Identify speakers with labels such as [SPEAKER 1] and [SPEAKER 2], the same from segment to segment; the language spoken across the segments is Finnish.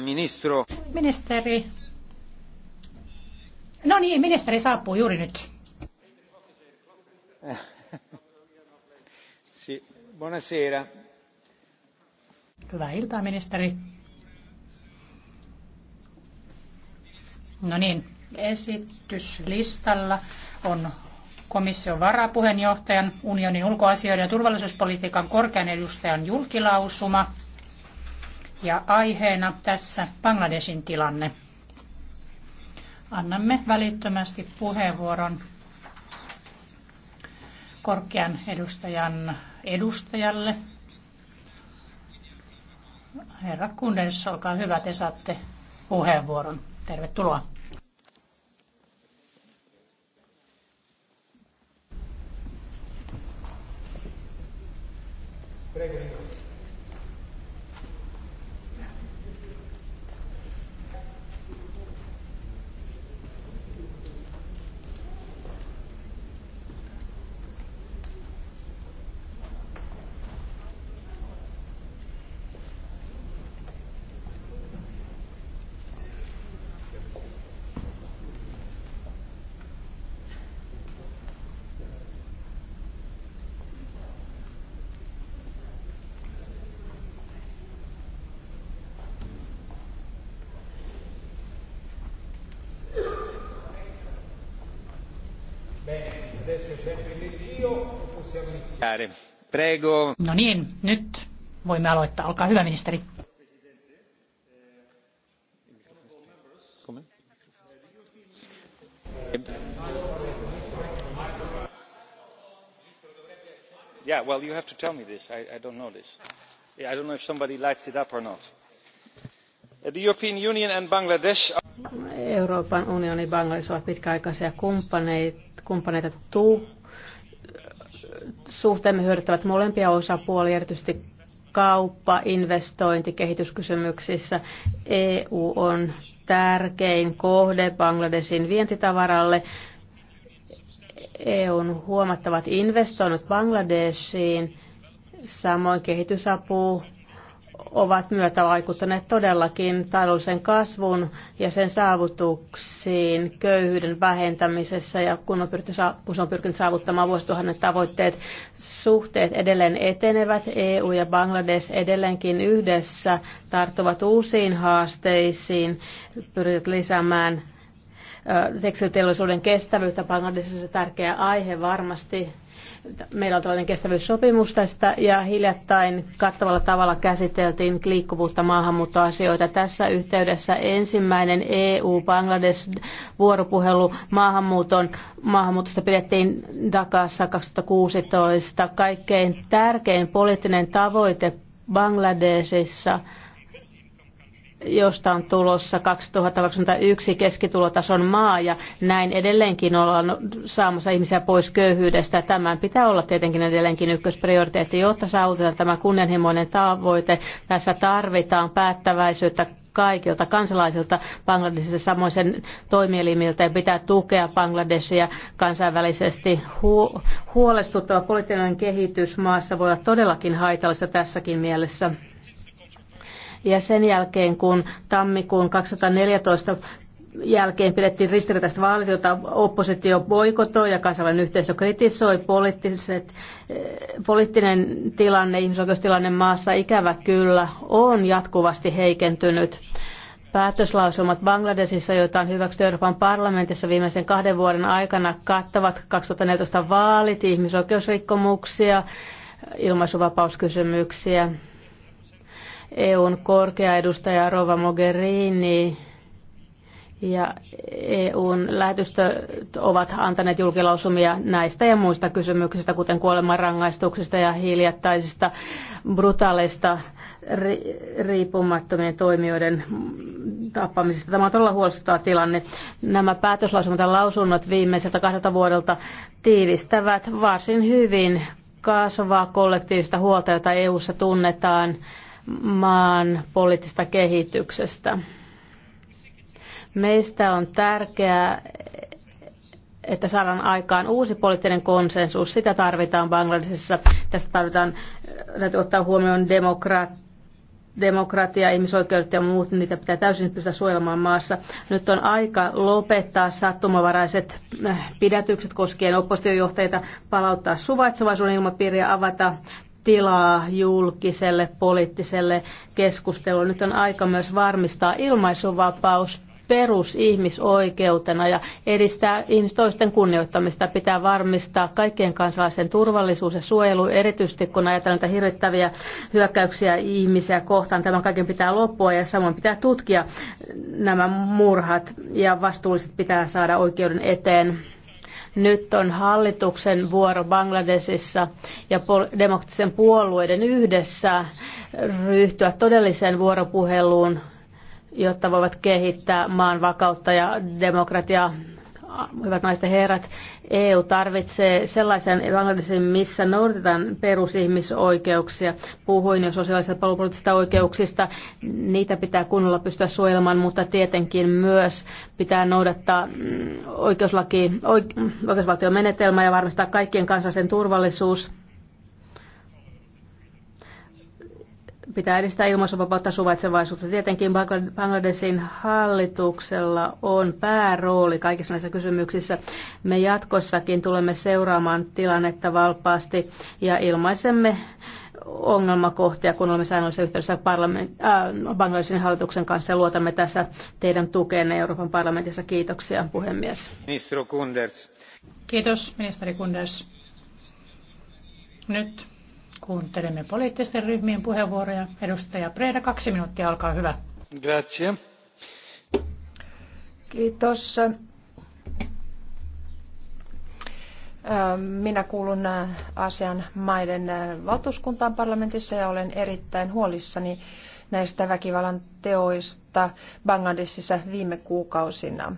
[SPEAKER 1] Ministeri. No niin, ministeri saapuu juuri nyt.
[SPEAKER 2] buonasera.
[SPEAKER 1] Hyvää iltaa, ministeri. No niin, esityslistalla on komission varapuheenjohtajan, unionin ulkoasioiden ja turvallisuuspolitiikan korkean edustajan julkilausuma ja aiheena tässä Bangladesin tilanne. Annamme välittömästi puheenvuoron korkean edustajan edustajalle. Herra Kunders, olkaa hyvä, te saatte puheenvuoron. Tervetuloa.
[SPEAKER 3] Prego. No
[SPEAKER 1] niin, nyt voimme aloittaa. Olkaa hyvä, ministeri.
[SPEAKER 2] Yeah, well, you have to tell me this. I, I don't know this. Yeah, I don't know if somebody lights it up or not. The European Union and Bangladesh. Euroopan unioni ja Bangladesh ovat pitkäaikaisia kumppaneita kumppaneita tuu. Suhteemme hyödyttävät molempia osapuolia, erityisesti kauppa, investointi, kehityskysymyksissä. EU on tärkein kohde Bangladesin vientitavaralle. EUn huomattavat investoinnit Bangladesiin, samoin kehitysapu, ovat myötävaikuttaneet todellakin taloudellisen kasvun ja sen saavutuksiin köyhyyden vähentämisessä ja kun, on pyrkinyt, kun on pyrkinyt saavuttamaan vuosituhannen tavoitteet, suhteet edelleen etenevät. EU ja Bangladesh edelleenkin yhdessä tarttuvat uusiin haasteisiin, pyrkivät lisäämään tekstiliteollisuuden kestävyyttä. Bangladesissa tärkeä aihe varmasti Meillä on tällainen kestävyyssopimus tästä ja hiljattain kattavalla tavalla käsiteltiin liikkuvuutta maahanmuuttoasioita. Tässä yhteydessä ensimmäinen EU-Bangladesh-vuoropuhelu maahanmuuton, maahanmuutosta pidettiin Dakassa 2016. Kaikkein tärkein poliittinen tavoite Bangladesissa – josta on tulossa 2021 keskitulotason maa ja näin edelleenkin ollaan saamassa ihmisiä pois köyhyydestä. Tämän pitää olla tietenkin edelleenkin ykkösprioriteetti, jotta saavutetaan tämä kunnianhimoinen tavoite. Tässä tarvitaan päättäväisyyttä kaikilta kansalaisilta Bangladesissa, samoin sen toimielimiltä ja pitää tukea Bangladesia kansainvälisesti. Hu- huolestuttava poliittinen kehitys maassa voi olla todellakin haitallista tässäkin mielessä. Ja sen jälkeen, kun tammikuun 2014 jälkeen pidettiin ristiriitaista vaalit, jota oppositio boikotoi ja kansainvälinen yhteisö kritisoi. Poliittiset, eh, poliittinen tilanne, ihmisoikeustilanne maassa ikävä kyllä on jatkuvasti heikentynyt. Päätöslausumat Bangladesissa, joita on hyväksytty Euroopan parlamentissa viimeisen kahden vuoden aikana, kattavat 2014 vaalit, ihmisoikeusrikkomuksia, ilmaisuvapauskysymyksiä, EUn korkea edustaja Rova Mogherini ja EUn lähetystöt ovat antaneet julkilausumia näistä ja muista kysymyksistä, kuten kuolemanrangaistuksista ja hiljattaisista brutaaleista ri- riippumattomien toimijoiden tappamisesta. Tämä on todella huolestuttava tilanne. Nämä päätöslausumat ja lausunnot viimeiseltä kahdelta vuodelta tiivistävät varsin hyvin kasvaa kollektiivista huolta, jota EUssa tunnetaan maan poliittisesta kehityksestä. Meistä on tärkeää, että saadaan aikaan uusi poliittinen konsensus. Sitä tarvitaan Bangladesissa. Tästä tarvitaan, täytyy ottaa huomioon demokratia demokratia, ihmisoikeudet ja muut, niitä pitää täysin pystyä suojelemaan maassa. Nyt on aika lopettaa sattumavaraiset äh, pidätykset koskien oppositiojohtajita, palauttaa suvaitsevaisuuden ilmapiiri ja avata tilaa julkiselle poliittiselle keskustelulle. Nyt on aika myös varmistaa ilmaisuvapaus perusihmisoikeutena ja edistää ihmistoisten kunnioittamista. Pitää varmistaa kaikkien kansalaisten turvallisuus ja suojelu, erityisesti kun ajatellaan näitä hirvittäviä hyökkäyksiä ihmisiä kohtaan. Tämän kaiken pitää loppua ja samoin pitää tutkia nämä murhat ja vastuulliset pitää saada oikeuden eteen. Nyt on hallituksen vuoro Bangladesissa ja demokraattisen puolueiden yhdessä ryhtyä todelliseen vuoropuheluun jotta voivat kehittää maan vakautta ja demokratiaa hyvät naiset ja herrat, EU tarvitsee sellaisen Bangladesin, missä noudatetaan perusihmisoikeuksia. Puhuin jo sosiaalisista palvelupoliittisista oikeuksista. Niitä pitää kunnolla pystyä suojelemaan, mutta tietenkin myös pitää noudattaa mm, oikeuslaki, oikeusvaltion menetelmää ja varmistaa kaikkien kansallisen turvallisuus pitää edistää ilmaisuvapautta suvaitsevaisuutta. Tietenkin Bangladesin hallituksella on päärooli kaikissa näissä kysymyksissä. Me jatkossakin tulemme seuraamaan tilannetta valpaasti ja ilmaisemme ongelmakohtia, kun olemme säännöllisessä yhteydessä parlament, äh, Bangladesin hallituksen kanssa ja luotamme tässä teidän tukeenne Euroopan parlamentissa. Kiitoksia, puhemies.
[SPEAKER 1] Ministeri Kunders.
[SPEAKER 2] Kiitos, ministeri Kunders. Nyt Kuuntelemme
[SPEAKER 1] poliittisten ryhmien puheenvuoroja. Edustaja Preda, kaksi minuuttia, alkaa hyvä. Grazie.
[SPEAKER 3] Kiitos. Minä kuulun Aasian maiden valtuuskuntaan parlamentissa ja olen erittäin huolissani näistä väkivallan teoista Bangladesissa viime kuukausina.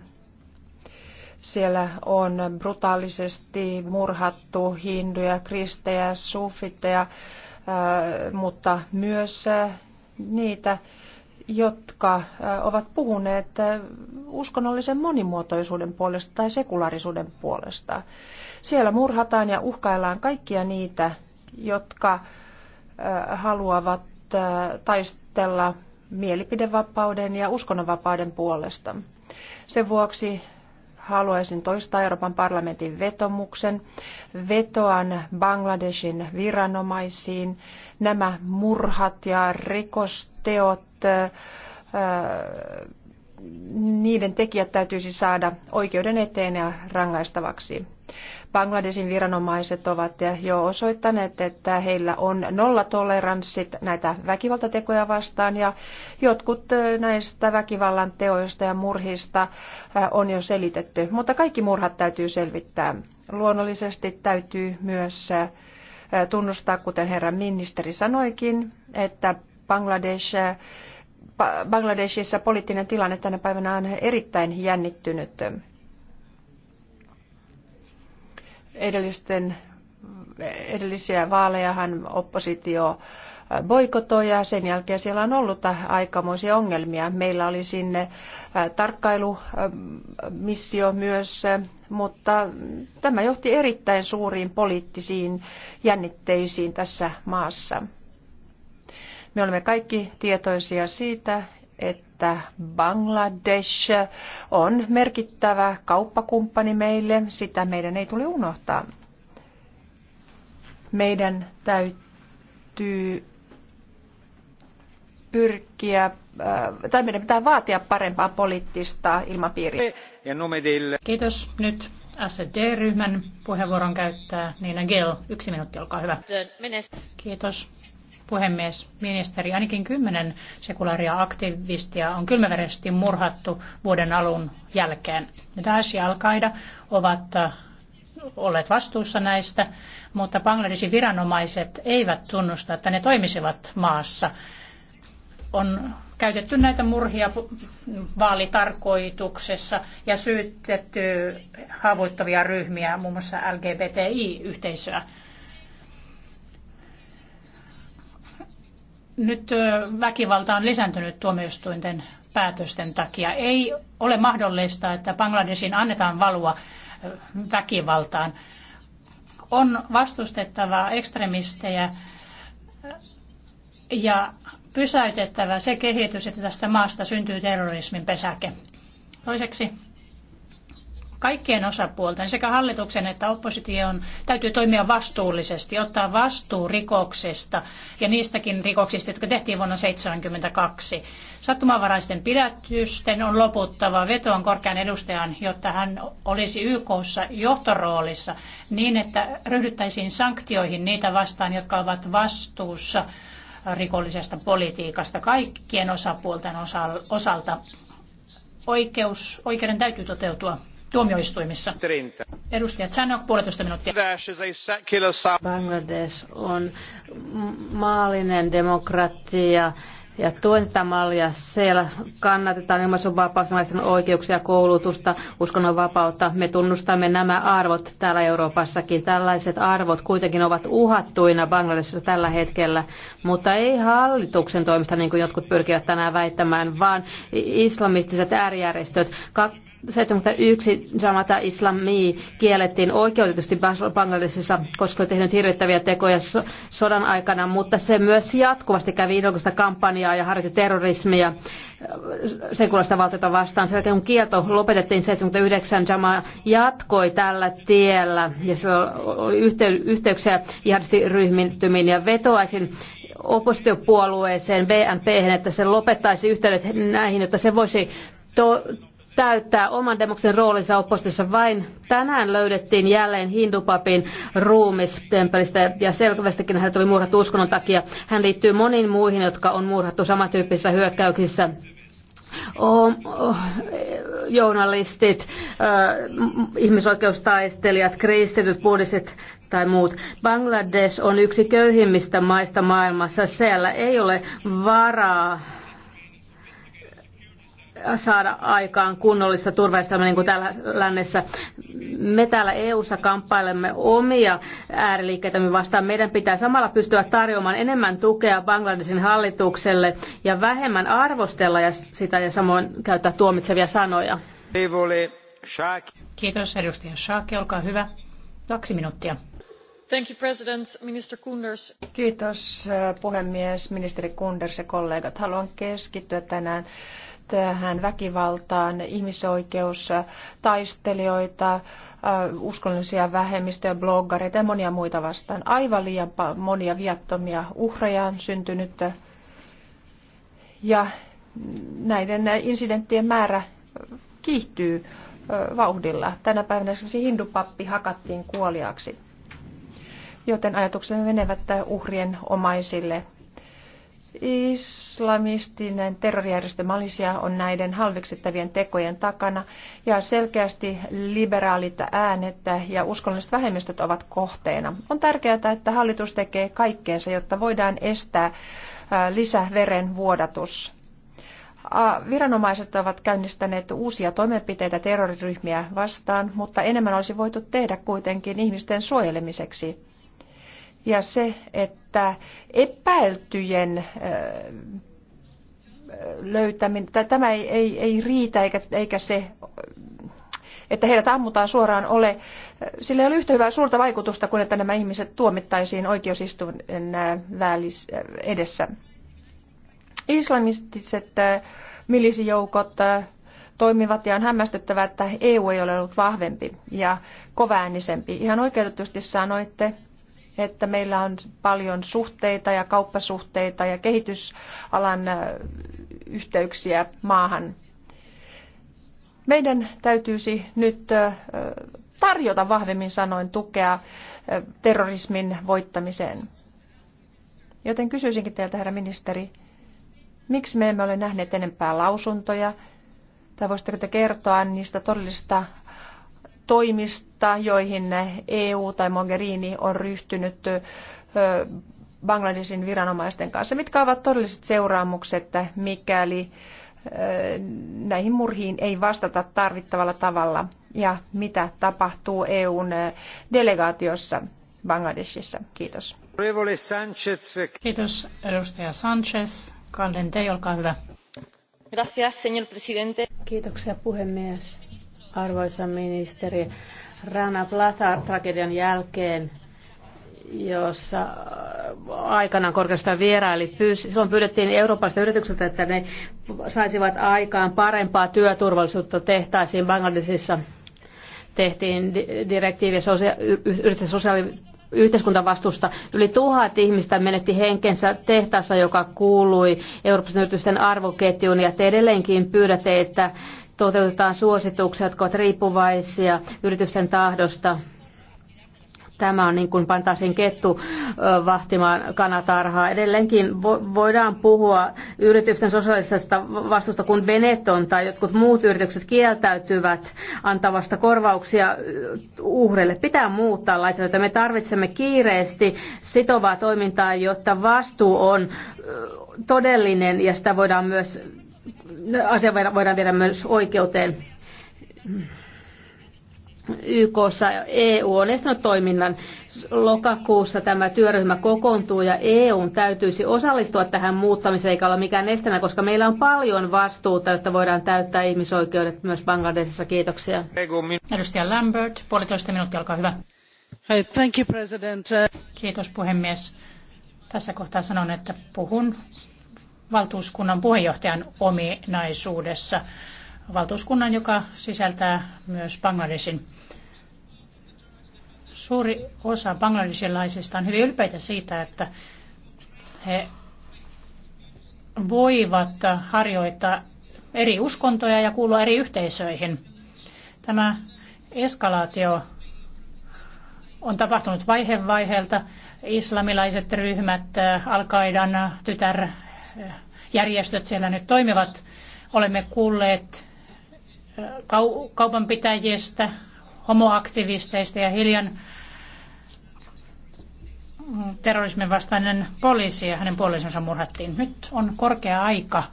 [SPEAKER 3] Siellä on brutaalisesti murhattu hinduja, kristejä, sufiteja, äh, mutta myös äh, niitä, jotka äh, ovat puhuneet uskonnollisen monimuotoisuuden puolesta tai sekularisuuden puolesta. Siellä murhataan ja uhkaillaan kaikkia niitä, jotka haluavat taistella mielipidevapauden ja uskonnonvapauden puolesta. Sen vuoksi haluaisin toistaa Euroopan parlamentin vetomuksen. Vetoan Bangladeshin viranomaisiin. Nämä murhat ja rikosteot niiden tekijät täytyisi saada oikeuden eteen ja rangaistavaksi. Bangladesin viranomaiset ovat jo osoittaneet, että heillä on nollatoleranssit näitä väkivaltatekoja vastaan ja jotkut näistä väkivallan teoista ja murhista on jo selitetty, mutta kaikki murhat täytyy selvittää. Luonnollisesti täytyy myös tunnustaa, kuten herra ministeri sanoikin, että Bangladesh Bangladesissa poliittinen tilanne tänä päivänä on erittäin jännittynyt. Edellisten, edellisiä vaalejahan oppositio boikotoi ja sen jälkeen siellä on ollut aikamoisia ongelmia. Meillä oli sinne tarkkailumissio myös, mutta tämä johti erittäin suuriin poliittisiin jännitteisiin tässä maassa. Me olemme kaikki tietoisia siitä, että Bangladesh on merkittävä kauppakumppani meille. Sitä meidän ei tule unohtaa. Meidän täytyy pyrkiä, äh, tai meidän pitää vaatia parempaa poliittista ilmapiiriä. Kiitos. Nyt SD-ryhmän
[SPEAKER 1] puheenvuoron käyttää Niina Gell. Yksi minuutti, olkaa hyvä. Kiitos puhemies, ministeri, ainakin kymmenen sekulaaria aktivistia on kylmäverisesti murhattu vuoden alun jälkeen. Daesh ja Al-Qaida ovat äh, olleet vastuussa näistä, mutta Bangladesin viranomaiset eivät tunnusta, että ne toimisivat maassa. On käytetty näitä murhia vaalitarkoituksessa ja syytetty haavoittavia ryhmiä, muun muassa LGBTI-yhteisöä. nyt väkivalta on lisääntynyt tuomioistuinten päätösten takia. Ei ole mahdollista, että Bangladesin annetaan valua väkivaltaan. On vastustettava ekstremistejä ja pysäytettävä se kehitys, että tästä maasta syntyy terrorismin pesäke. Toiseksi kaikkien osapuolten, sekä hallituksen että opposition, täytyy toimia vastuullisesti, ottaa vastuu rikoksesta ja niistäkin rikoksista, jotka tehtiin vuonna 1972. Sattumanvaraisten pidätysten on loputtava vetoon korkean edustajan, jotta hän olisi YKssa johtoroolissa niin, että ryhdyttäisiin sanktioihin niitä vastaan, jotka ovat vastuussa rikollisesta politiikasta kaikkien osapuolten osalta. Oikeus, oikeuden täytyy toteutua tuomioistuimissa. Edustaja Chanok, puolitoista minuuttia.
[SPEAKER 2] Bangladesh on maallinen demokratia ja tuen Siellä kannatetaan ilmaisunvapaus, naisten oikeuksia, koulutusta, uskonnonvapautta. Me tunnustamme nämä arvot täällä Euroopassakin. Tällaiset arvot kuitenkin ovat uhattuina Bangladesissa tällä hetkellä, mutta ei hallituksen toimesta, niin kuin jotkut pyrkivät tänään väittämään, vaan islamistiset äärijärjestöt. 71 Jamata Islami kiellettiin oikeutetusti Bangladesissa, koska on tehnyt hirvittäviä tekoja so- sodan aikana, mutta se myös jatkuvasti kävi ideologista kampanjaa ja harjoitti terrorismia äh, kuulosta valtiota vastaan. Sen jälkeen kun kielto lopetettiin 79, Jama jatkoi tällä tiellä ja se oli yhtey- yhteyksiä jihadistiryhmittymiin ja vetoaisin oppositiopuolueeseen BNP, että se lopettaisi yhteydet näihin, jotta se voisi to- täyttää oman demoksen roolinsa oppositiossa. Vain tänään löydettiin jälleen hindupapin ruumis temppelistä ja selvästikin hän tuli murhattu uskonnon takia. Hän liittyy moniin muihin, jotka on murhattu samantyyppisissä hyökkäyksissä. Oh, oh, journalistit, äh, ihmisoikeustaistelijat, kristityt, buddhistit tai muut. Bangladesh on yksi köyhimmistä maista maailmassa. Siellä ei ole varaa saada aikaan kunnollista turvallisuutta niin kuin täällä lännessä. Me täällä EU-ssa kamppailemme omia ääriliikkeitämme vastaan. Meidän pitää samalla pystyä tarjoamaan enemmän tukea Bangladesin hallitukselle ja vähemmän arvostella ja sitä ja samoin käyttää tuomitsevia sanoja.
[SPEAKER 1] Kiitos edustaja Shaake, olkaa hyvä.
[SPEAKER 3] Kaksi minuuttia. Thank you, President, Minister Kunders. Kiitos äh, puhemies, ministeri Kunders ja kollegat. Haluan keskittyä tänään tähän väkivaltaan ihmisoikeustaistelijoita, äh, uskonnollisia vähemmistöjä, bloggareita ja monia muita vastaan. Aivan liian monia viattomia uhreja on syntynyt ja näiden insidenttien määrä kiihtyy äh, vauhdilla. Tänä päivänä esimerkiksi hindupappi hakattiin kuoliaksi, joten ajatuksemme menevät uhrien omaisille Islamistinen terrorijärjestö Malisia on näiden halveksettavien tekojen takana ja selkeästi liberaalit äänet ja uskonnolliset vähemmistöt ovat kohteena. On tärkeää, että hallitus tekee kaikkeensa, jotta voidaan estää lisäveren vuodatus. Viranomaiset ovat käynnistäneet uusia toimenpiteitä terroriryhmiä vastaan, mutta enemmän olisi voitu tehdä kuitenkin ihmisten suojelemiseksi ja se, että epäiltyjen löytäminen, tai tämä ei, ei, ei riitä eikä, eikä se, että heidät ammutaan suoraan ole, sillä ei ole yhtä hyvää suurta vaikutusta kuin että nämä ihmiset tuomittaisiin oikeusistuin välis, edessä. Islamistiset milisijoukot toimivat ja on hämmästyttävää, että EU ei ole ollut vahvempi ja kovaäänisempi. Ihan oikeutetusti sanoitte, että meillä on paljon suhteita ja kauppasuhteita ja kehitysalan äh, yhteyksiä maahan. Meidän täytyisi nyt äh, tarjota vahvemmin sanoin tukea äh, terrorismin voittamiseen. Joten kysyisinkin teiltä, herra ministeri, miksi me emme ole nähneet enempää lausuntoja, tai voisitteko te kertoa niistä todellisista toimista, joihin EU tai Mogherini on ryhtynyt Bangladesin viranomaisten kanssa. Mitkä ovat todelliset seuraamukset, mikäli näihin murhiin ei vastata tarvittavalla tavalla ja mitä tapahtuu EUn delegaatiossa Bangladesissa? Kiitos. Kiitos
[SPEAKER 1] edustaja Sanchez. Kalden, te, olkaa hyvä.
[SPEAKER 2] Gracias, señor presidente. Kiitoksia puhemies. Arvoisa ministeri, Rana Plata-tragedian jälkeen, jossa äh, aikanaan korkeastaan vieraili, pyys, silloin pyydettiin Euroopasta yritykseltä, että ne saisivat aikaan parempaa työturvallisuutta tehtäisiin Bangladesissa. Tehtiin direktiiviä sosia- yritysten sosiaali- yhteiskuntavastusta. Yli tuhat ihmistä menetti henkensä tehtaassa, joka kuului Euroopan yritysten arvoketjuun, ja te edelleenkin pyydätte, että toteutetaan suosituksia, jotka ovat riippuvaisia yritysten tahdosta. Tämä on niin kuin pantaisiin kettu vahtimaan kanatarhaa. Edelleenkin voidaan puhua yritysten sosiaalisesta vastuusta, kun Benetton tai jotkut muut yritykset kieltäytyvät antavasta korvauksia uhreille. Pitää muuttaa lainsäädäntöä. Me tarvitsemme kiireesti sitovaa toimintaa, jotta vastuu on todellinen ja sitä voidaan myös asia voidaan viedä myös oikeuteen. YKssa EU on estänyt toiminnan. Lokakuussa tämä työryhmä kokoontuu ja EUn täytyisi osallistua tähän muuttamiseen eikä olla mikään estänä, koska meillä on paljon vastuuta, jotta voidaan täyttää ihmisoikeudet myös Bangladesissa. Kiitoksia.
[SPEAKER 1] Edustaja Lambert, puolitoista minuuttia, olkaa hyvä. Hey, thank you, president. Kiitos puhemies. Tässä kohtaa sanon, että puhun valtuuskunnan puheenjohtajan ominaisuudessa. Valtuuskunnan, joka sisältää myös Bangladesin. Suuri osa bangladesilaisista on hyvin ylpeitä siitä, että he voivat harjoittaa eri uskontoja ja kuulua eri yhteisöihin. Tämä eskalaatio on tapahtunut vaihe vaiheelta. Islamilaiset ryhmät, Al-Qaidan tytär järjestöt siellä nyt toimivat. Olemme kuulleet kaupanpitäjistä, homoaktivisteista ja hiljan mm, terrorismin vastainen poliisi ja hänen puolisonsa murhattiin. Nyt on korkea aika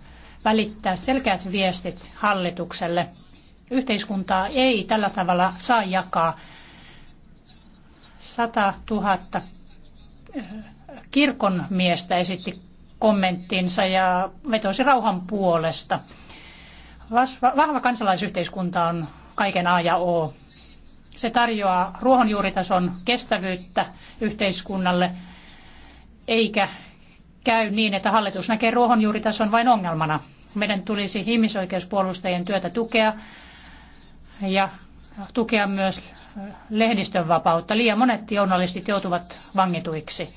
[SPEAKER 1] välittää selkeät viestit hallitukselle. Yhteiskuntaa ei tällä tavalla saa jakaa. 100 000 kirkon miestä esitti kommenttinsa ja vetosi rauhan puolesta. Vahva kansalaisyhteiskunta on kaiken A ja O. Se tarjoaa ruohonjuuritason kestävyyttä yhteiskunnalle, eikä käy niin, että hallitus näkee ruohonjuuritason vain ongelmana. Meidän tulisi ihmisoikeuspuolustajien työtä tukea ja tukea myös lehdistön vapautta. Liian monet journalistit joutuvat vangituiksi.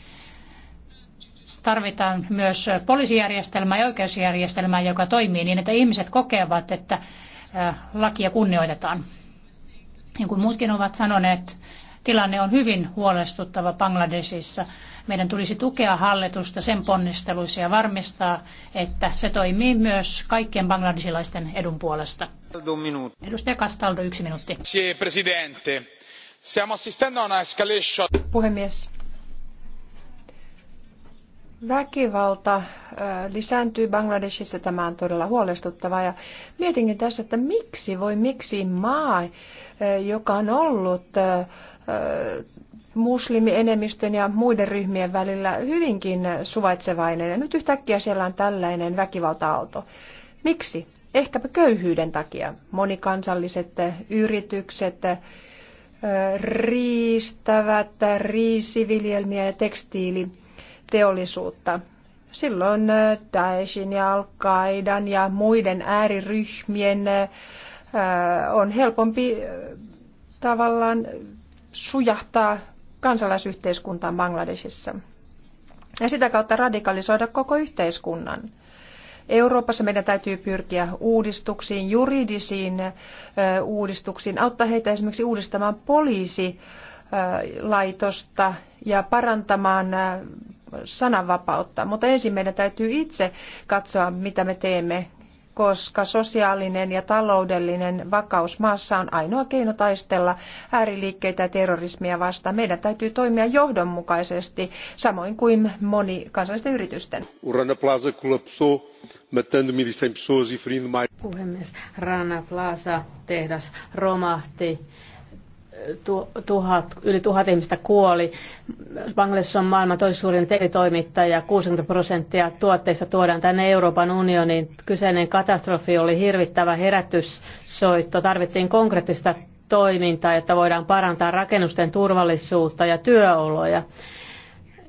[SPEAKER 1] Tarvitaan myös poliisijärjestelmä ja oikeusjärjestelmä, joka toimii niin, että ihmiset kokevat, että lakia kunnioitetaan. Niin kuin muutkin ovat sanoneet, tilanne on hyvin huolestuttava Bangladesissa. Meidän tulisi tukea hallitusta sen ponnisteluissa ja varmistaa, että se toimii myös kaikkien bangladesilaisten edun puolesta. Edustaja Castaldo, yksi minuutti.
[SPEAKER 3] Puhemies, Väkivalta lisääntyy Bangladesissa, tämä on todella huolestuttavaa ja mietinkin tässä, että miksi voi miksi maa, joka on ollut muslimienemmistön ja muiden ryhmien välillä hyvinkin suvaitsevainen ja nyt yhtäkkiä siellä on tällainen väkivalta auto Miksi? Ehkäpä köyhyyden takia. Monikansalliset yritykset, riistävät riisiviljelmiä ja tekstiili teollisuutta. Silloin äh, Daeshin ja al ja muiden ääriryhmien äh, on helpompi äh, tavallaan sujahtaa kansalaisyhteiskuntaan Bangladesissa ja sitä kautta radikalisoida koko yhteiskunnan. Euroopassa meidän täytyy pyrkiä uudistuksiin, juridisiin uudistuksiin, auttaa heitä esimerkiksi uudistamaan poliisilaitosta ja parantamaan sananvapautta, mutta ensin meidän täytyy itse katsoa, mitä me teemme, koska sosiaalinen ja taloudellinen vakaus maassa on ainoa keino taistella ääriliikkeitä ja terrorismia vastaan. Meidän täytyy toimia johdonmukaisesti, samoin kuin moni kansallisten yritysten. Urana Plaza matando e
[SPEAKER 2] Puhemies, Rana Plaza tehdas romahti tuhat, yli tuhat ihmistä kuoli. Bangladesh on maailman toiseksi suurin telitoimittaja. 60 prosenttia tuotteista tuodaan tänne Euroopan unioniin. Kyseinen katastrofi oli hirvittävä herätyssoitto. Tarvittiin konkreettista toimintaa, että voidaan parantaa rakennusten turvallisuutta ja työoloja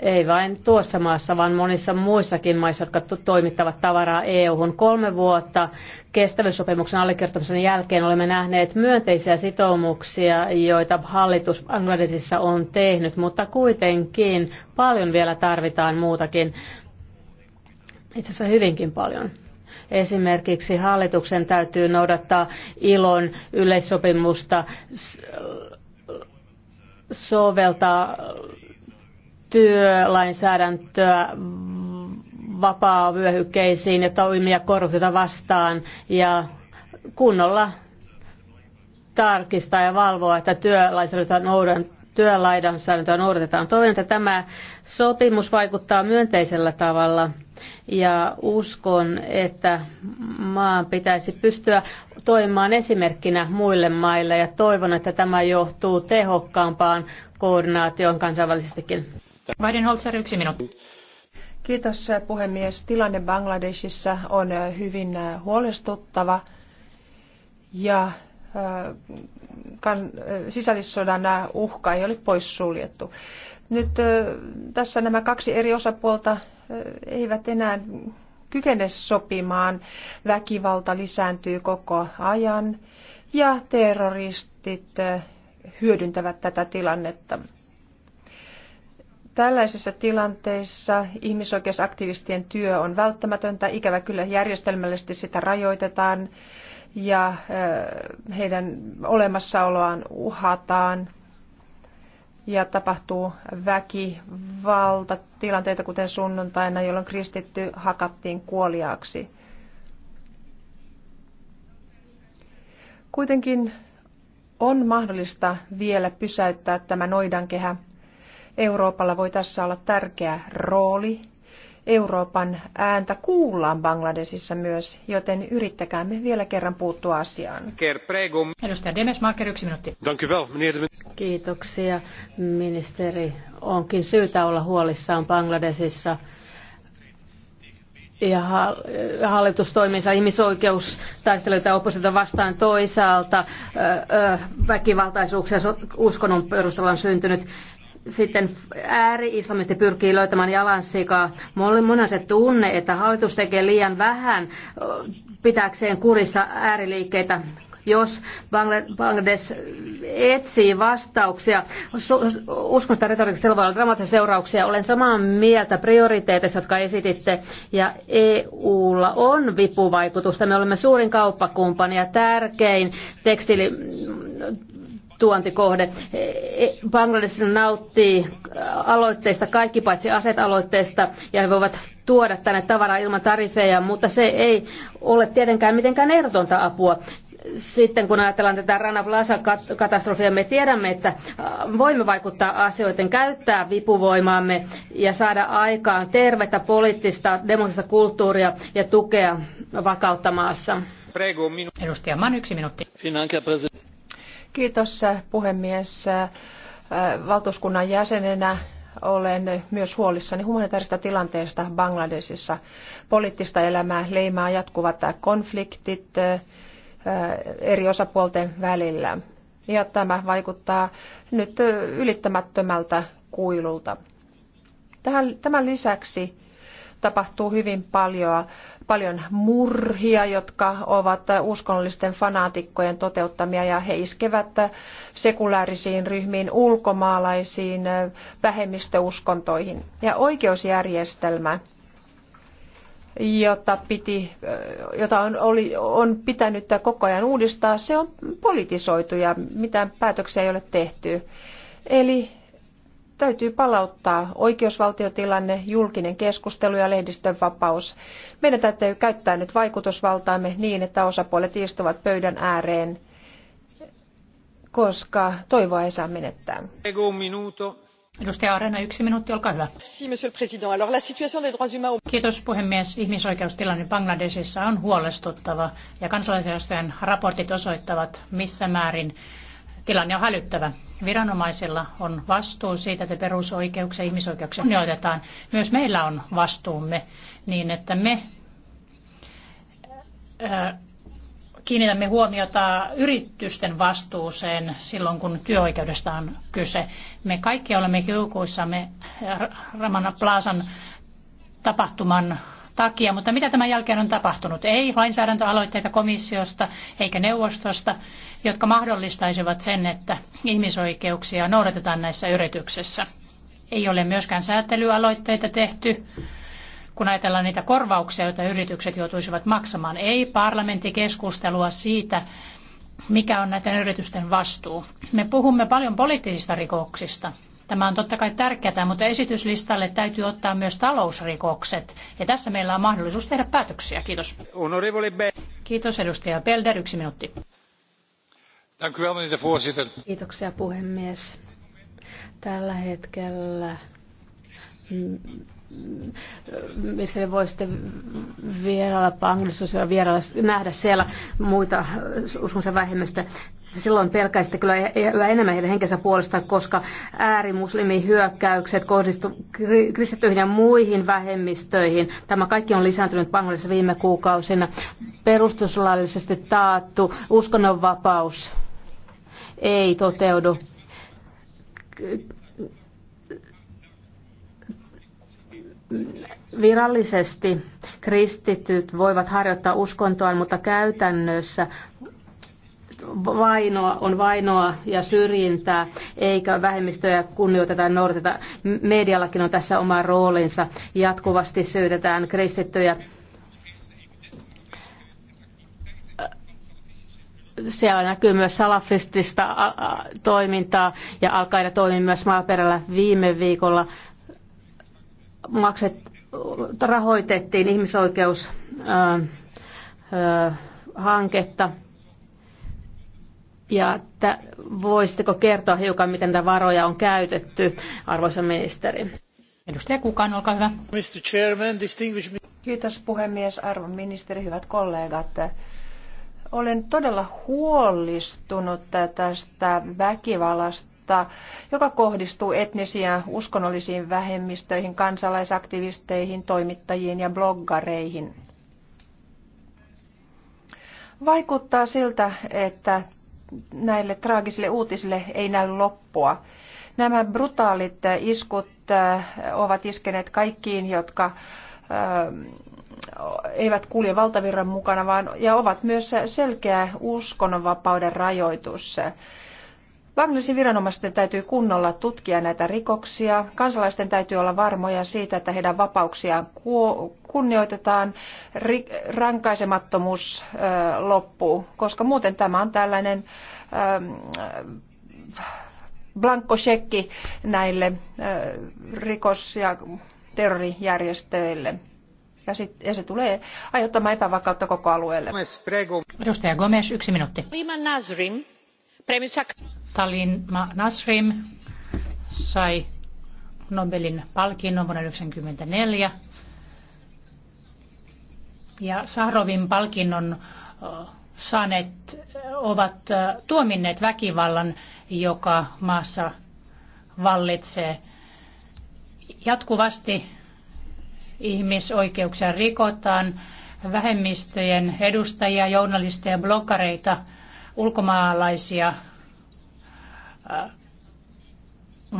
[SPEAKER 2] ei vain tuossa maassa, vaan monissa muissakin maissa, jotka toimittavat tavaraa EU-hun. Kolme vuotta kestävyyssopimuksen allekirjoittamisen jälkeen olemme nähneet myönteisiä sitoumuksia, joita hallitus Bangladesissa on tehnyt, mutta kuitenkin paljon vielä tarvitaan muutakin. Itse asiassa hyvinkin paljon. Esimerkiksi hallituksen täytyy noudattaa ilon yleissopimusta soveltaa työlainsäädäntöä vapaa-vyöhykkeisiin ja toimia korruptiota vastaan ja kunnolla tarkistaa ja valvoa, että työlainsäädäntöä noudatetaan työlainsäädäntöä noudatetaan. Toivon, että tämä sopimus vaikuttaa myönteisellä tavalla ja uskon, että maan pitäisi pystyä toimimaan esimerkkinä muille maille ja toivon, että tämä johtuu tehokkaampaan koordinaation kansainvälisestikin. Weidenholzer, yksi minuutti.
[SPEAKER 3] Kiitos äh, puhemies. Tilanne Bangladesissa on äh, hyvin äh, huolestuttava ja sisällissodan uhka ei ole poissuljettu. Nyt tässä nämä kaksi eri osapuolta eivät enää kykene sopimaan. Väkivalta lisääntyy koko ajan ja terroristit hyödyntävät tätä tilannetta. Tällaisissa tilanteissa ihmisoikeusaktivistien työ on välttämätöntä. Ikävä kyllä järjestelmällisesti sitä rajoitetaan ja heidän olemassaoloaan uhataan ja tapahtuu väkivalta tilanteita kuten sunnuntaina, jolloin kristitty hakattiin kuoliaaksi. Kuitenkin on mahdollista vielä pysäyttää tämä noidankehä Euroopalla voi tässä olla tärkeä rooli. Euroopan ääntä kuullaan Bangladesissa myös, joten yrittäkäämme vielä kerran puuttua asiaan.
[SPEAKER 1] Edustaja Demesmaker, yksi minuutti.
[SPEAKER 3] Kiitoksia,
[SPEAKER 2] ministeri. Onkin syytä olla huolissaan Bangladesissa ja hallitus toiminsa ihmisoikeustaisteluita oppositiota vastaan toisaalta, väkivaltaisuuksia uskonnon perusteella on syntynyt sitten ääri-islamisti pyrkii löytämään jalansikaa. on se tunne, että hallitus tekee liian vähän pitääkseen kurissa ääriliikkeitä jos Bangladesh etsii vastauksia. sitä retoriikasta voi olla dramaattisia seurauksia. Olen samaa mieltä prioriteeteista, jotka esititte, ja EUlla on vipuvaikutusta. Me olemme suurin kauppakumppani ja tärkein tekstiili tuontikohde. E, Bangladesh nauttii aloitteista, kaikki paitsi asetaloitteista ja he voivat tuoda tänne tavaraa ilman tarifeja, mutta se ei ole tietenkään mitenkään ehdotonta apua sitten kun ajatellaan tätä Rana Plaza-katastrofia, me tiedämme, että voimme vaikuttaa asioiden, käyttää vipuvoimaamme ja saada aikaan tervettä poliittista, demokraattista kulttuuria ja tukea vakautta maassa.
[SPEAKER 1] Edustaja Man, yksi minuutti.
[SPEAKER 3] Kiitos äh, puhemies. Äh, valtuuskunnan jäsenenä olen myös huolissani humanitaarista tilanteesta Bangladesissa. Poliittista elämää leimaa jatkuvat konfliktit äh, eri osapuolten välillä. Ja tämä vaikuttaa nyt ylittämättömältä kuilulta. Tähän, tämän lisäksi tapahtuu hyvin paljon, paljon murhia, jotka ovat uskonnollisten fanaatikkojen toteuttamia ja he iskevät sekulaarisiin ryhmiin, ulkomaalaisiin, vähemmistöuskontoihin. Ja oikeusjärjestelmä, jota, piti, jota on, oli, on pitänyt koko ajan uudistaa, se on politisoitu ja mitään päätöksiä ei ole tehty. Eli täytyy palauttaa oikeusvaltiotilanne, julkinen keskustelu ja lehdistön vapaus. Meidän täytyy käyttää nyt vaikutusvaltaamme niin, että osapuolet istuvat pöydän ääreen, koska toivoa ei saa menettää.
[SPEAKER 1] Edustaja Arena, yksi minuutti, olkaa hyvä. Kiitos puhemies. Ihmisoikeustilanne Bangladesissa on huolestuttava ja kansalaisjärjestöjen raportit osoittavat, missä määrin Tilanne on hälyttävä. Viranomaisilla on vastuu siitä, että perusoikeuksia ja ihmisoikeuksia kunnioitetaan. Myös meillä on vastuumme niin, että me kiinnitämme huomiota yritysten vastuuseen silloin, kun työoikeudesta on kyse. Me kaikki olemme kiukuissamme Ramana Plaasan tapahtuman takia, mutta mitä tämän jälkeen on tapahtunut? Ei lainsäädäntöaloitteita komissiosta eikä neuvostosta, jotka mahdollistaisivat sen, että ihmisoikeuksia noudatetaan näissä yrityksissä. Ei ole myöskään säätelyaloitteita tehty kun ajatellaan niitä korvauksia, joita yritykset joutuisivat maksamaan. Ei parlamentti keskustelua siitä, mikä on näiden yritysten vastuu. Me puhumme paljon poliittisista rikoksista, Tämä on totta kai tärkeää, mutta esityslistalle täytyy ottaa myös talousrikokset. Ja tässä meillä on mahdollisuus tehdä päätöksiä. Kiitos. Kiitos edustaja Belder. Yksi minuutti.
[SPEAKER 2] Kiitoksia puhemies. Tällä hetkellä mm, missä voisitte vierailla Bangladesissa ja vierailla, nähdä siellä muita äh, uskonsa vähemmistä silloin pelkäisitte kyllä e- e- yhä enemmän heidän henkensä puolesta, koska hyökkäykset kohdistuvat kristittyihin ja muihin vähemmistöihin. Tämä kaikki on lisääntynyt Bangladesissa viime kuukausina. Perustuslaillisesti taattu uskonnonvapaus ei toteudu virallisesti kristityt voivat harjoittaa uskontoa, mutta käytännössä vainoa, on vainoa ja syrjintää, eikä vähemmistöjä kunnioiteta ja noudateta. Mediallakin on tässä oma roolinsa. Jatkuvasti syytetään kristittyjä siellä näkyy myös salafistista toimintaa ja alkaa toimii myös maaperällä viime viikolla. Makset, rahoitettiin ihmisoikeushanketta. Äh, äh, ja että voisitteko kertoa hiukan, miten tämä varoja on
[SPEAKER 3] käytetty, arvoisa ministeri? Edustaja Kukan, olkaa hyvä. Mr. Chairman, distinguished... Kiitos puhemies, arvon ministeri, hyvät kollegat. Olen todella huolestunut tästä väkivallasta, joka kohdistuu etnisiin uskonnollisiin vähemmistöihin, kansalaisaktivisteihin, toimittajiin ja bloggareihin. Vaikuttaa siltä, että näille traagisille uutisille ei näy loppua. Nämä brutaalit iskut äh, ovat iskeneet kaikkiin, jotka äh, eivät kulje valtavirran mukana, vaan ja ovat myös selkeä uskonnonvapauden rajoitus. Bangladesin viranomaisten täytyy kunnolla tutkia näitä rikoksia. Kansalaisten täytyy olla varmoja siitä, että heidän vapauksiaan kunnioitetaan. rankaisemattomuus loppuu, koska muuten tämä on tällainen blankkosekki näille rikos- ja terrorijärjestöille. Ja, sit, ja se tulee aiheuttamaan epävakautta koko alueelle. Edustaja Gomes, yksi minuutti.
[SPEAKER 1] Talin Nasrim sai Nobelin palkinnon vuonna 1994. Ja Sahrovin palkinnon saaneet ovat tuominneet väkivallan, joka maassa vallitsee. Jatkuvasti ihmisoikeuksia rikotaan, vähemmistöjen edustajia, journalisteja, blokkareita, ulkomaalaisia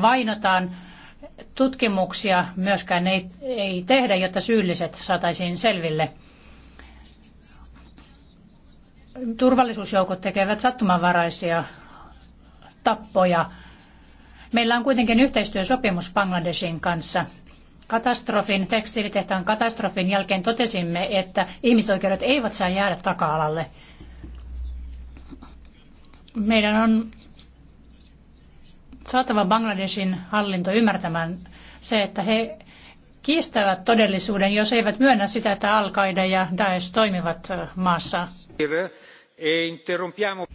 [SPEAKER 1] vainotaan. Tutkimuksia myöskään ei, ei tehdä, jotta syylliset saataisiin selville. Turvallisuusjoukot tekevät sattumanvaraisia tappoja. Meillä on kuitenkin yhteistyösopimus Bangladeshin kanssa. Katastrofin, tekstiilitehtaan katastrofin jälkeen totesimme, että ihmisoikeudet eivät saa jäädä taka-alalle. Meidän on saatava Bangladeshin hallinto ymmärtämään se, että he kiistävät todellisuuden, jos eivät myönnä sitä, että al ja Daesh toimivat äh, maassa.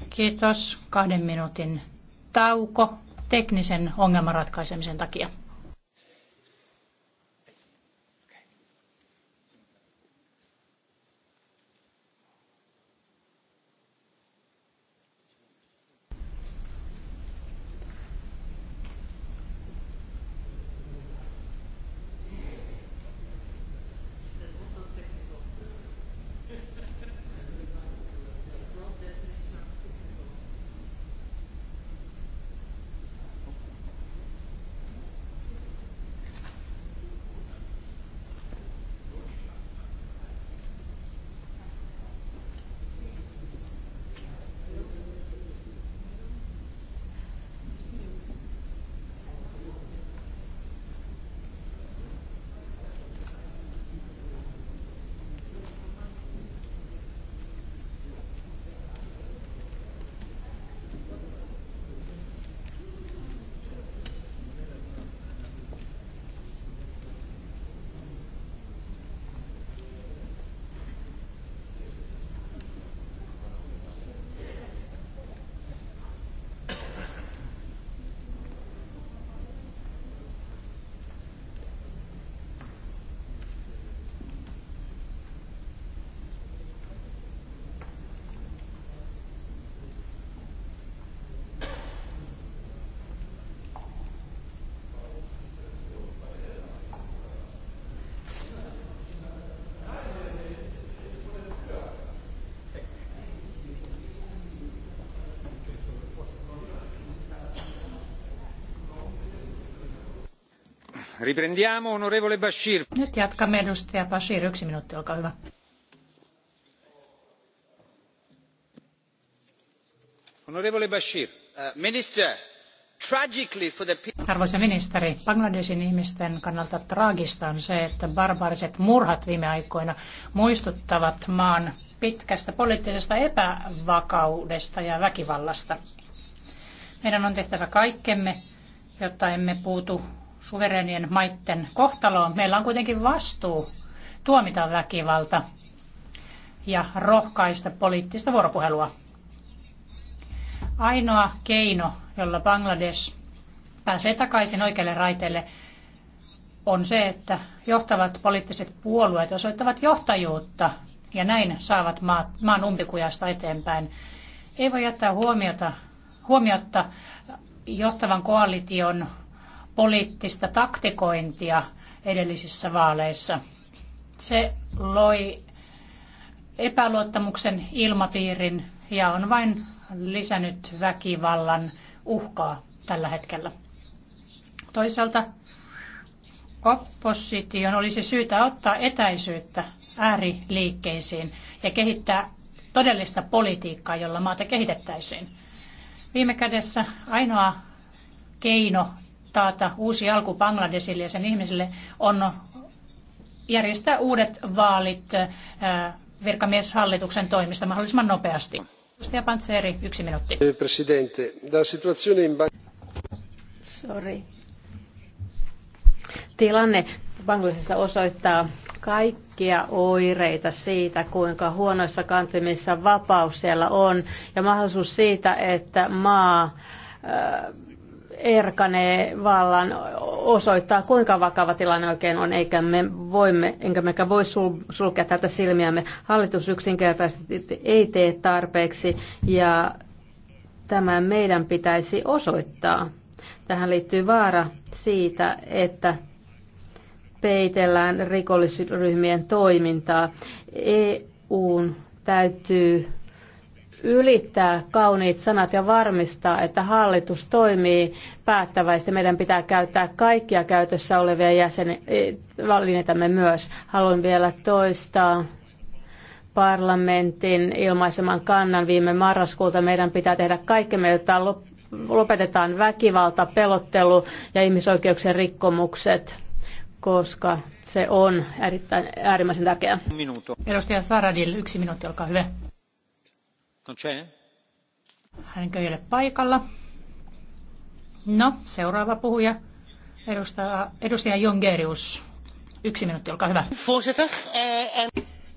[SPEAKER 1] Kiitos. Kahden minuutin tauko teknisen ongelman ratkaisemisen takia.
[SPEAKER 3] Riprendiamo, onorevole Bashir. Nyt
[SPEAKER 1] jatkamme edustaja Bashir. Yksi minuutti, olkaa hyvä. Onorevole Bashir, uh, minister, tragically for the Arvoisa ministeri, Bangladesin ihmisten kannalta traagista on se, että barbaariset murhat viime aikoina muistuttavat maan pitkästä poliittisesta epävakaudesta ja väkivallasta. Meidän on tehtävä kaikkemme, jotta emme puutu suverenien maiden kohtaloon. Meillä on kuitenkin vastuu tuomita väkivalta ja rohkaista poliittista vuoropuhelua. Ainoa keino, jolla Bangladesh pääsee takaisin oikealle raiteelle, on se, että johtavat poliittiset puolueet osoittavat johtajuutta ja näin saavat maan umpikujasta eteenpäin. Ei voi jättää huomiota, huomiotta johtavan koalition poliittista taktikointia edellisissä vaaleissa. Se loi epäluottamuksen ilmapiirin ja on vain lisännyt väkivallan uhkaa tällä hetkellä. Toisaalta opposition olisi syytä ottaa etäisyyttä ääriliikkeisiin ja kehittää todellista politiikkaa, jolla maata kehitettäisiin. Viime kädessä ainoa keino taata uusi alku Bangladesille ja sen ihmisille on järjestää uudet vaalit äh, virkamieshallituksen toimista mahdollisimman nopeasti. Edustaja
[SPEAKER 2] Pantseri, yksi minuutti.
[SPEAKER 3] Eh, presidente, la situazione in
[SPEAKER 2] Sorry. Tilanne Bangladesissa osoittaa kaikkia oireita siitä, kuinka huonoissa kantimissa vapaus siellä on ja mahdollisuus siitä, että maa äh, erkanee vallan osoittaa, kuinka vakava tilanne oikein on, eikä me voimme, enkä mekä voi sulkea tätä silmiämme. Hallitus yksinkertaisesti ei tee tarpeeksi ja tämä meidän pitäisi osoittaa. Tähän liittyy vaara siitä, että peitellään rikollisryhmien toimintaa. EUn täytyy ylittää kauniit sanat ja varmistaa, että hallitus toimii päättäväisesti. Meidän pitää käyttää kaikkia käytössä olevia jäsenvalinnitamme e, myös. Haluan vielä toistaa parlamentin ilmaiseman kannan viime marraskuulta. Meidän pitää tehdä kaikkemme, jotta lopetetaan väkivalta, pelottelu ja ihmisoikeuksien rikkomukset koska se on erittäin äärimmäisen tärkeää.
[SPEAKER 1] Edustaja Saradil, yksi minuutti, olkaa hyvä. Non c'è? Hänkö ei ole paikalla? No, seuraava puhuja, edustaja, edustaja Jongerius. Yksi minuutti, olkaa hyvä.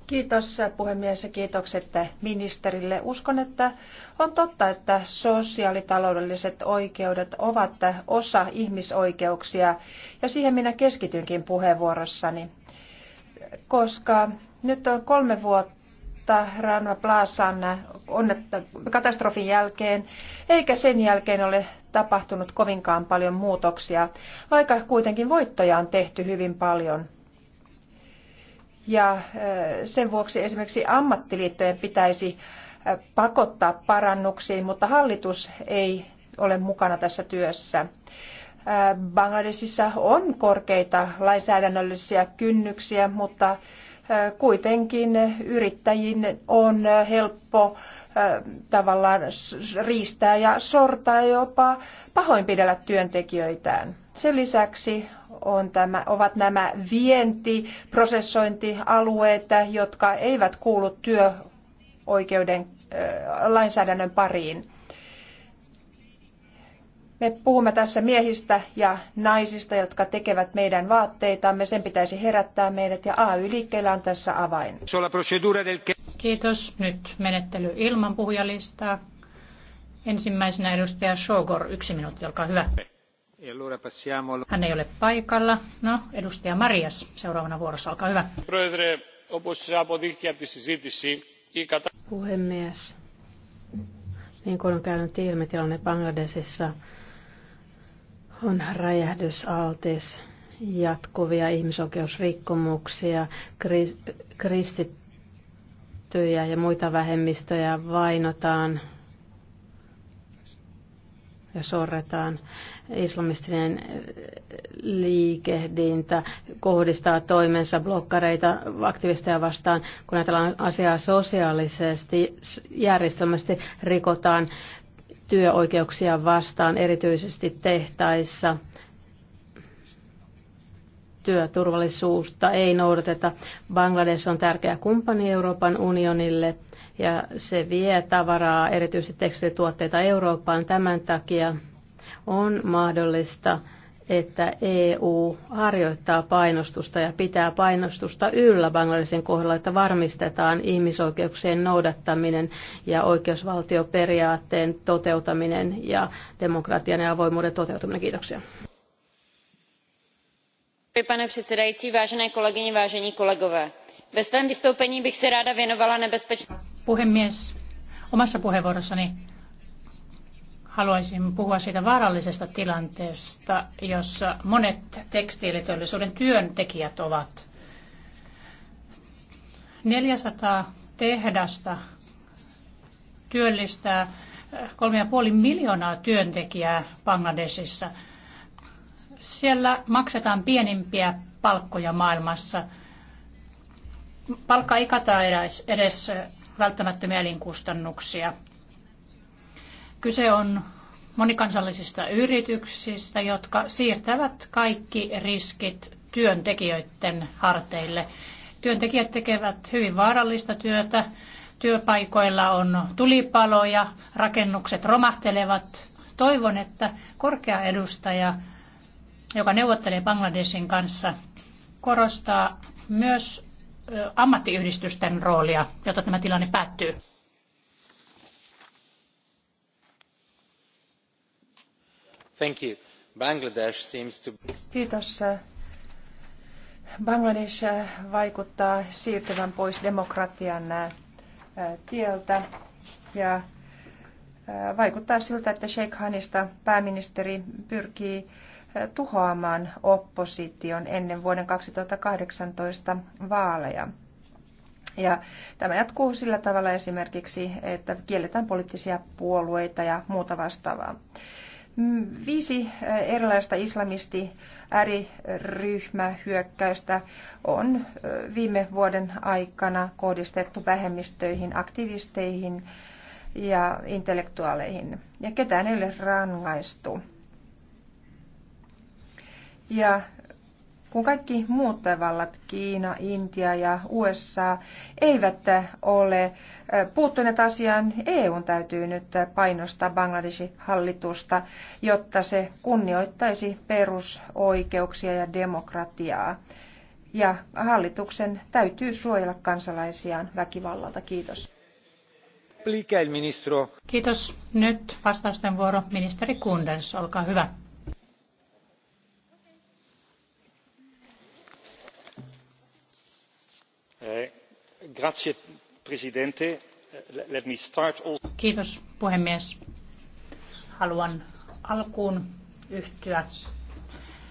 [SPEAKER 3] Kiitos puhemies ja kiitokset ministerille. Uskon, että on totta, että sosiaalitaloudelliset oikeudet ovat osa ihmisoikeuksia ja siihen minä keskitynkin puheenvuorossani, koska nyt on kolme vuotta vuotta Rana Plazan katastrofin jälkeen, eikä sen jälkeen ole tapahtunut kovinkaan paljon muutoksia, vaikka kuitenkin voittoja on tehty hyvin paljon. Ja sen vuoksi esimerkiksi ammattiliittojen pitäisi pakottaa parannuksiin, mutta hallitus ei ole mukana tässä työssä. Bangladesissa on korkeita lainsäädännöllisiä kynnyksiä, mutta kuitenkin yrittäjin on helppo tavallaan riistää ja sortaa jopa pahoinpidellä työntekijöitään. Sen lisäksi on tämä, ovat nämä vientiprosessointialueet, jotka eivät kuulu työoikeuden lainsäädännön pariin. Me puhumme tässä miehistä ja naisista, jotka tekevät meidän vaatteitamme. Sen pitäisi herättää meidät ja AY-liikkeellä on tässä avain.
[SPEAKER 1] Kiitos. Nyt menettely ilman puhujalistaa. Ensimmäisenä edustaja Shogor, yksi minuutti, olkaa hyvä.
[SPEAKER 3] E Hän ei ole
[SPEAKER 1] paikalla. No, edustaja Marias, seuraavana vuorossa, olkaa hyvä.
[SPEAKER 2] Puhemies, niin kuin on käynyt ilmi, tilanne Bangladesissa on räjähdysaltis jatkuvia ihmisoikeusrikkomuksia, kristittyjä ja muita vähemmistöjä vainotaan ja sorretaan. Islamistinen liikehdintä kohdistaa toimensa blokkareita aktivisteja vastaan, kun ajatellaan asiaa sosiaalisesti, järjestelmästi rikotaan työoikeuksia vastaan, erityisesti tehtaissa. Työturvallisuutta ei noudateta. Bangladesh on tärkeä kumppani Euroopan unionille ja se vie tavaraa, erityisesti tekstilituotteita Eurooppaan. Tämän takia on mahdollista että EU harjoittaa painostusta ja pitää painostusta yllä Bangladesin kohdalla, että varmistetaan ihmisoikeuksien noudattaminen ja oikeusvaltioperiaatteen toteutaminen ja demokratian ja avoimuuden toteutuminen. Kiitoksia. Pane předsedající, vážené kolegyně, vážení kolegové,
[SPEAKER 1] ve svém vystoupení bych se ráda věnovala nebezpečnosti. Puhemies, omassa puheenvuorossani haluaisin puhua siitä vaarallisesta tilanteesta, jossa monet tekstiiliteollisuuden työntekijät ovat. 400 tehdasta työllistää 3,5 miljoonaa työntekijää Bangladesissa. Siellä maksetaan pienimpiä palkkoja maailmassa. Palkka ei kata edes välttämättömiä elinkustannuksia. Kyse on monikansallisista yrityksistä, jotka siirtävät kaikki riskit työntekijöiden harteille. Työntekijät tekevät hyvin vaarallista työtä. Työpaikoilla on tulipaloja, rakennukset romahtelevat. Toivon, että korkea edustaja, joka neuvottelee Bangladesin kanssa, korostaa myös ammattiyhdistysten roolia, jotta tämä tilanne päättyy.
[SPEAKER 3] Bangladesh vaikuttaa siirtyvän pois demokratian tieltä ja vaikuttaa siltä, että Sheikh Hanista pääministeri pyrkii tuhoamaan opposition ennen vuoden 2018 vaaleja. Ja tämä jatkuu sillä tavalla esimerkiksi, että kielletään poliittisia puolueita ja muuta vastaavaa. Viisi eh, erilaista islamisti ääriryhmähyökkäystä on eh, viime vuoden aikana kohdistettu vähemmistöihin, aktivisteihin ja intellektuaaleihin. Ja ketään ei ole rangaistu. Ja kun kaikki muut tavallat, Kiina, Intia ja USA, eivät ole puuttuneet asiaan, EUn täytyy nyt painostaa Bangladesin hallitusta, jotta se kunnioittaisi perusoikeuksia ja demokratiaa. Ja hallituksen täytyy suojella kansalaisiaan väkivallalta. Kiitos.
[SPEAKER 1] Kiitos. Nyt vastausten vuoro. Ministeri Kunders, olkaa hyvä. arvoisa puhemies. Haluan alkuun yhtyä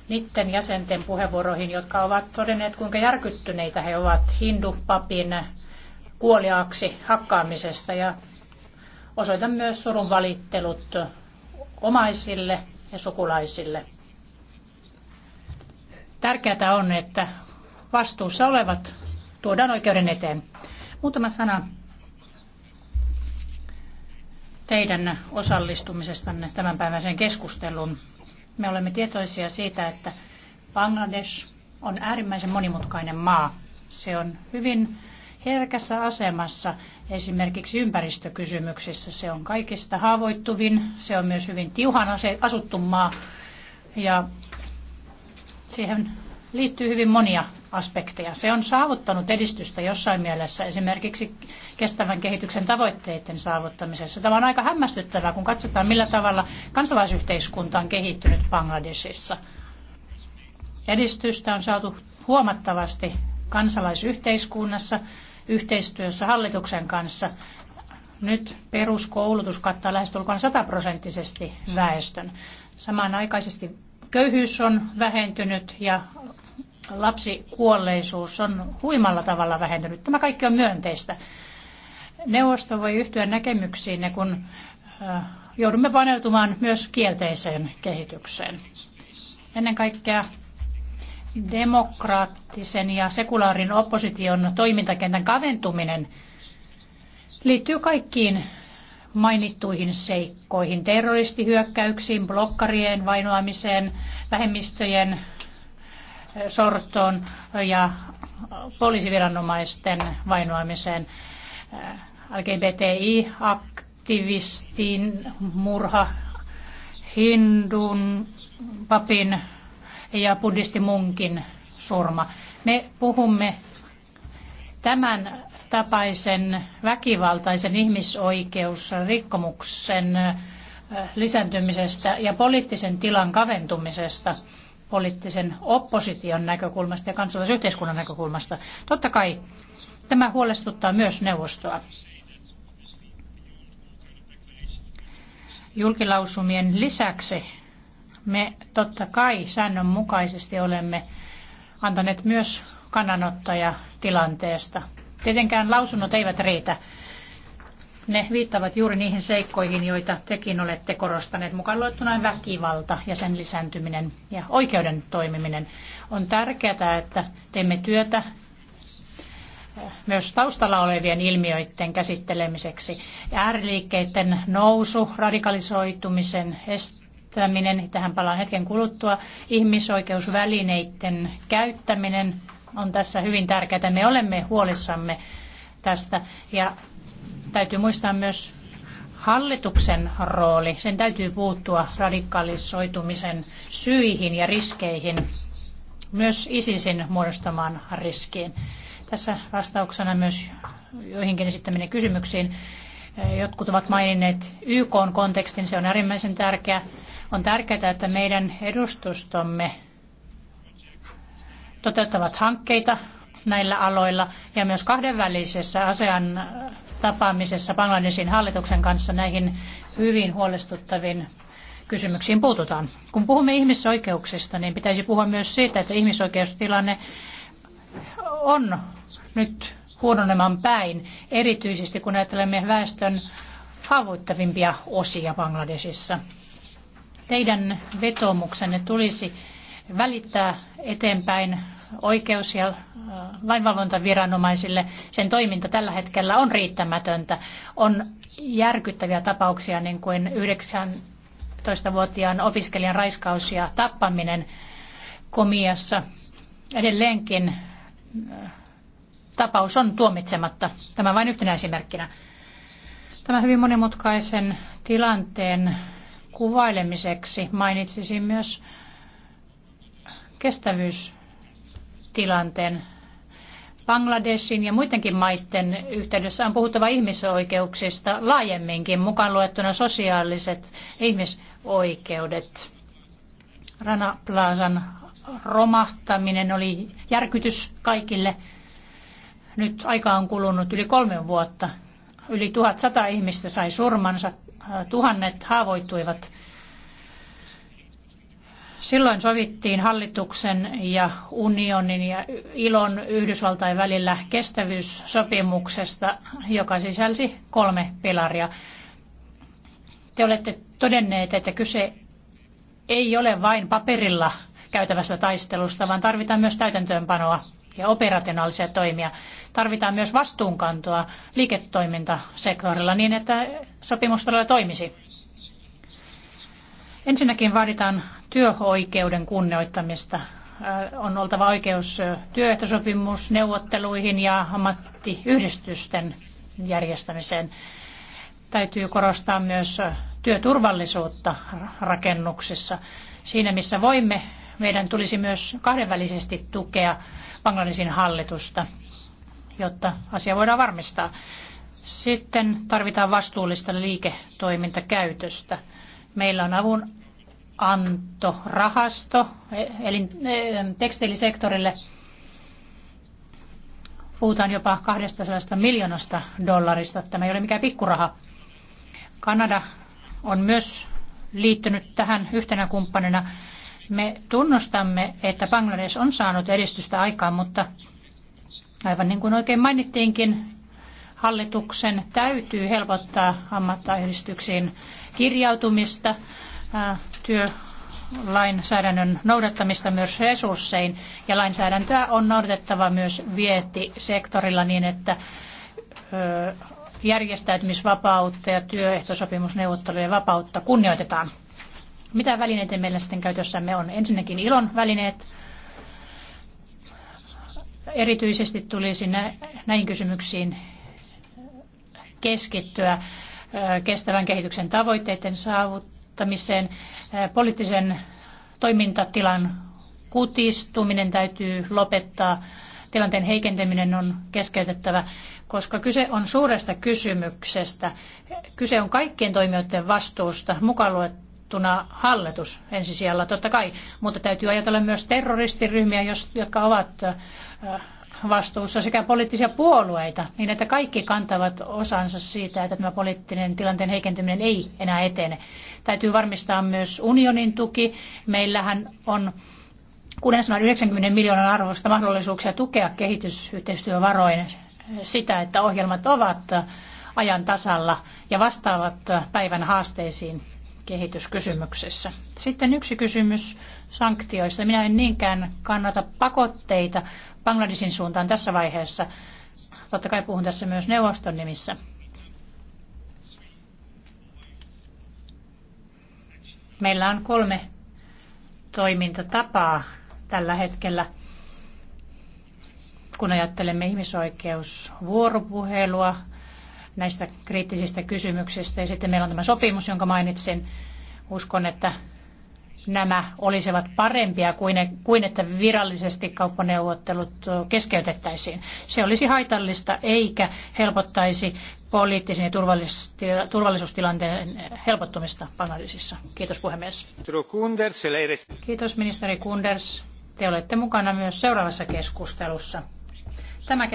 [SPEAKER 1] niiden jäsenten puheenvuoroihin, jotka ovat todenneet, kuinka järkyttyneitä he ovat hindupapin kuoliaaksi hakkaamisesta ja osoitan myös surun valittelut omaisille ja sukulaisille. Tärkeää on, että vastuussa olevat tuodaan oikeuden eteen. Muutama sana teidän osallistumisestanne päiväiseen keskusteluun. Me olemme tietoisia siitä, että Bangladesh on äärimmäisen monimutkainen maa. Se on hyvin herkässä asemassa esimerkiksi ympäristökysymyksissä. Se on kaikista haavoittuvin, se on myös hyvin tiuhan asuttu maa ja siihen liittyy hyvin monia aspekteja. Se on saavuttanut edistystä jossain mielessä esimerkiksi kestävän kehityksen tavoitteiden saavuttamisessa. Tämä on aika hämmästyttävää, kun katsotaan millä tavalla kansalaisyhteiskunta on kehittynyt Bangladesissa. Edistystä on saatu huomattavasti kansalaisyhteiskunnassa, yhteistyössä hallituksen kanssa. Nyt peruskoulutus kattaa lähestulkoon sataprosenttisesti väestön. Samanaikaisesti köyhyys on vähentynyt ja lapsikuolleisuus on huimalla tavalla vähentynyt. Tämä kaikki on myönteistä. Neuvosto voi yhtyä näkemyksiin, kun äh, joudumme paneutumaan myös kielteiseen kehitykseen. Ennen kaikkea demokraattisen ja sekulaarin opposition toimintakentän kaventuminen liittyy kaikkiin mainittuihin seikkoihin, terroristihyökkäyksiin, blokkarien vainoamiseen, vähemmistöjen sortoon ja poliisiviranomaisten vainoamiseen. LGBTI-aktivistin murha, hindun, papin ja buddhistimunkin surma. Me puhumme tämän tapaisen väkivaltaisen ihmisoikeusrikkomuksen lisääntymisestä ja poliittisen tilan kaventumisesta – poliittisen opposition näkökulmasta ja kansalaisyhteiskunnan näkökulmasta. Totta kai tämä huolestuttaa myös neuvostoa. Julkilausumien lisäksi me totta kai säännönmukaisesti olemme antaneet myös kannanottoja tilanteesta. Tietenkään lausunnot eivät riitä. Ne viittavat juuri niihin seikkoihin, joita tekin olette korostaneet, mukaan luettuna väkivalta ja sen lisääntyminen ja oikeuden toimiminen. On tärkeää, että teemme työtä äh, myös taustalla olevien ilmiöiden käsittelemiseksi. Ääriliikkeiden nousu, radikalisoitumisen estäminen, tähän palaan hetken kuluttua, ihmisoikeusvälineiden käyttäminen on tässä hyvin tärkeää. Me olemme huolissamme tästä ja Täytyy muistaa myös hallituksen rooli. Sen täytyy puuttua radikalisoitumisen syihin ja riskeihin, myös ISISin muodostamaan riskiin. Tässä vastauksena myös joihinkin esittäminen kysymyksiin. Jotkut ovat maininneet YK on kontekstin, se on äärimmäisen tärkeä. On tärkeää, että meidän edustustomme toteuttavat hankkeita näillä aloilla ja myös kahdenvälisessä ASEAN tapaamisessa Bangladesin hallituksen kanssa näihin hyvin huolestuttaviin kysymyksiin puututaan. Kun puhumme ihmisoikeuksista, niin pitäisi puhua myös siitä, että ihmisoikeustilanne on nyt huononemaan päin, erityisesti kun ajattelemme väestön haavoittavimpia osia Bangladesissa. Teidän vetomuksenne tulisi välittää eteenpäin oikeus- ja äh, lainvalvontaviranomaisille. Sen toiminta tällä hetkellä on riittämätöntä. On järkyttäviä tapauksia, niin kuin 19-vuotiaan opiskelijan raiskaus ja tappaminen komiassa. Edelleenkin äh, tapaus on tuomitsematta. Tämä vain yhtenä esimerkkinä. Tämä hyvin monimutkaisen tilanteen kuvailemiseksi mainitsisin myös kestävyystilanteen. Bangladesin ja muidenkin maiden yhteydessä on puhuttava ihmisoikeuksista laajemminkin, mukaan luettuna sosiaaliset ihmisoikeudet. Rana Plazan romahtaminen oli järkytys kaikille. Nyt aika on kulunut yli kolme vuotta. Yli 1100 ihmistä sai surmansa, tuhannet haavoittuivat. Silloin sovittiin hallituksen ja unionin ja ilon Yhdysvaltain välillä kestävyyssopimuksesta, joka sisälsi kolme pilaria. Te olette todenneet, että kyse ei ole vain paperilla käytävästä taistelusta, vaan tarvitaan myös täytäntöönpanoa ja operationaalisia toimia. Tarvitaan myös vastuunkantoa liiketoimintasektorilla niin, että sopimus todella toimisi. Ensinnäkin vaaditaan työoikeuden kunnioittamista. Äh, on oltava oikeus työehtosopimusneuvotteluihin ja ammattiyhdistysten järjestämiseen. Täytyy korostaa myös työturvallisuutta rakennuksissa. Siinä missä voimme, meidän tulisi myös kahdenvälisesti tukea Bangladesin hallitusta, jotta asia voidaan varmistaa. Sitten tarvitaan vastuullista liiketoimintakäytöstä. Meillä on avun antorahasto eli e- tekstiilisektorille. Puhutaan jopa 200 miljoonasta dollarista. Tämä ei ole mikään pikkuraha. Kanada on myös liittynyt tähän yhtenä kumppanina. Me tunnustamme, että Bangladesh on saanut edistystä aikaan, mutta aivan niin kuin oikein mainittiinkin, hallituksen täytyy helpottaa ammattayhdistyksiin kirjautumista, äh, työlainsäädännön noudattamista myös resurssein ja lainsäädäntöä on noudatettava myös vientisektorilla niin, että järjestäytymisvapautta ja työehtosopimusneuvottelujen vapautta kunnioitetaan. Mitä välineitä meillä sitten käytössämme on? Ensinnäkin ilon välineet. Erityisesti tulisi näihin kysymyksiin keskittyä kestävän kehityksen tavoitteiden saavuttamiseen. Poliittisen toimintatilan kutistuminen täytyy lopettaa. Tilanteen heikentäminen on keskeytettävä, koska kyse on suuresta kysymyksestä. Kyse on kaikkien toimijoiden vastuusta, mukaan luettuna hallitus ensisijalla totta kai, mutta täytyy ajatella myös terroristiryhmiä, jotka ovat vastuussa sekä poliittisia puolueita, niin että kaikki kantavat osansa siitä, että tämä poliittinen tilanteen heikentyminen ei enää etene. Täytyy varmistaa myös unionin tuki. Meillähän on 690 miljoonan arvosta mahdollisuuksia tukea kehitysyhteistyövaroin sitä, että ohjelmat ovat ajan tasalla ja vastaavat päivän haasteisiin kehityskysymyksessä. Sitten yksi kysymys sanktioista. Minä en niinkään kannata pakotteita Bangladesin suuntaan tässä vaiheessa. Totta kai puhun tässä myös neuvoston nimissä. Meillä on kolme toimintatapaa tällä hetkellä, kun ajattelemme ihmisoikeusvuoropuhelua, näistä kriittisistä kysymyksistä. Ja sitten meillä on tämä sopimus, jonka mainitsin. Uskon, että nämä olisivat parempia kuin, ne, kuin että virallisesti kauppaneuvottelut keskeytettäisiin. Se olisi haitallista eikä helpottaisi poliittisen ja turvallisuustilanteen helpottumista Bangladesissa. Kiitos puhemies. Kiitos ministeri Kunders. Te olette mukana myös seuraavassa keskustelussa. Tämä